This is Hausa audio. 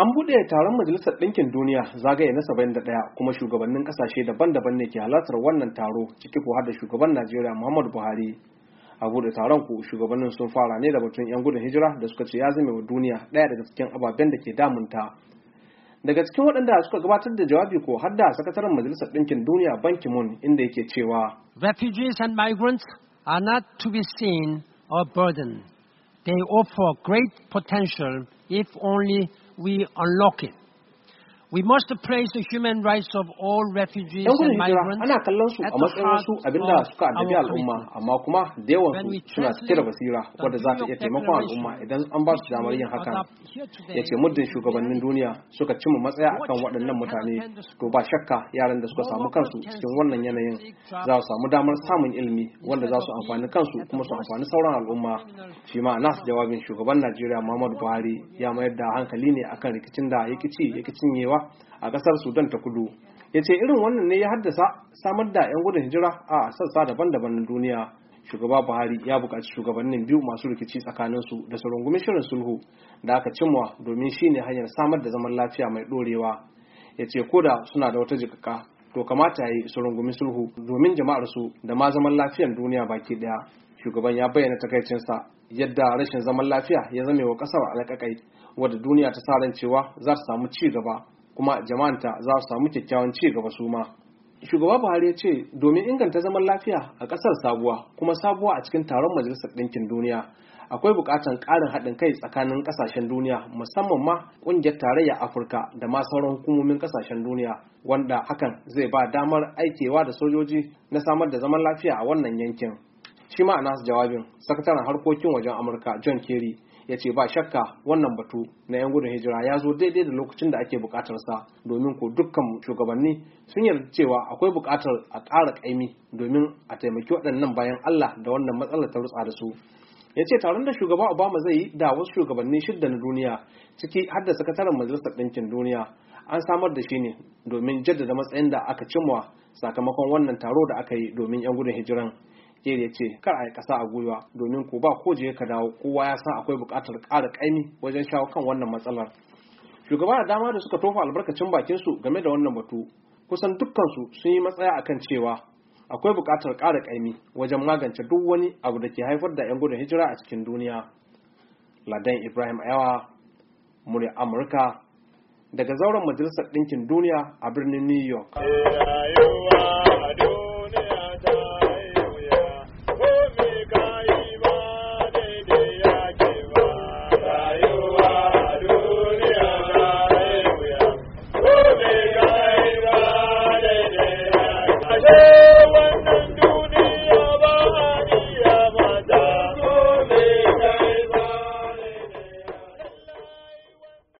An buɗe taron Majalisar Ɗinkin Duniya zagaye na 71 kuma shugabannin ƙasashe daban-daban ne ke halartar wannan taro ciki ko har da shugaban Najeriya Muhammadu Buhari. A buɗe taron ku shugabannin sun fara ne da batun 'yan gudun hijira da suka ce ya zame wa duniya ɗaya daga cikin ababen da ke damunta. Daga cikin waɗanda suka gabatar da jawabi ko har da sakataren Majalisar Ɗinkin Duniya Ban Ki-moon inda yake cewa. Refugees and migrants are not to be seen or burdened. They offer great potential if only we unlock it. We must praise the human rights of all refugees Yan gudun hijira ana kallon su a matsayin wasu abinda suka addabi al'umma amma kuma da yawansu suna cike da basira wadda za ta iya taimakon al'umma idan an ba su damar yin hakan. Ya ce muddin shugabannin duniya suka cimma matsaya akan waɗannan mutane to ba shakka yaran da suka samu kansu cikin wannan yanayin za su samu damar samun ilimi wanda za su amfani kansu kuma su amfani sauran al'umma. Shi ma nasu jawabin shugaban Najeriya Muhammadu Buhari ya mayar da hankali ne akan rikicin da ya ci ya cinyewa a ƙasar sudan ta kudu ya ce irin wannan ne ya haddasa samar da 'yan gudun hijira a sassa daban-daban na duniya shugaba buhari ya buƙaci shugabannin biyu masu rikici tsakaninsu da su rungumi shirin sulhu da aka cimwa domin shi ne hanyar samar da zaman lafiya mai ɗorewa ya ce ko da suna da wata jikaka to kamata ya yi su rungumi sulhu domin jama'arsu da ma zaman lafiyar duniya baki ɗaya shugaban ya bayyana takaicinsa yadda rashin zaman lafiya ya zame wa ƙasar alaƙaƙai wadda duniya ta sa ran cewa za ta samu ci gaba kuma jama'anta za su samu kyakkyawan ci gaba su ma shugaba buhari ya ce domin inganta zaman lafiya a ƙasar sabuwa kuma sabuwa a cikin taron majalisar ɗinkin duniya akwai buƙatar ƙarin haɗin kai tsakanin ƙasashen duniya musamman ma ƙungiyar tarayya afirka da ma sauran hukumomin ƙasashen duniya wanda hakan zai ba damar aikewa da sojoji na samar da zaman lafiya a wannan yankin shi ma a nasu jawabin sakataren harkokin wajen amurka john kerry ya ce ba shakka wannan batu na 'yan gudun hijira ya zo daidai da lokacin da ake bukatarsa domin ko dukkan shugabanni sun yarda cewa akwai bukatar a ƙara ƙaimi domin a taimaki waɗannan bayan allah da wannan matsalar ta rutsa da su ya ce taron da shugaban obama zai yi da wasu shugabanni shidda na duniya ciki har da sakataren majalisar ɗinkin duniya an samar da shi ne domin jaddada matsayin da aka cimma sakamakon wannan taro da aka yi domin 'yan gudun hijiran Kere ya ce kar a yi ƙasa a gwiwa domin ko ba ko ka dawo kowa ya san akwai bukatar ƙara ƙaimi wajen shawo kan wannan matsalar. Shugaba da dama da suka tofa albarkacin bakinsu game da wannan batu kusan dukkansu sun yi matsaya akan cewa akwai bukatar ƙara ƙaimi wajen magance duk wani abu da ke haifar da 'yan gudun hijira a cikin duniya. Ladan Ibrahim Ayawa, murya Amurka, daga zauren Majalisar Ɗinkin Duniya a birnin New York.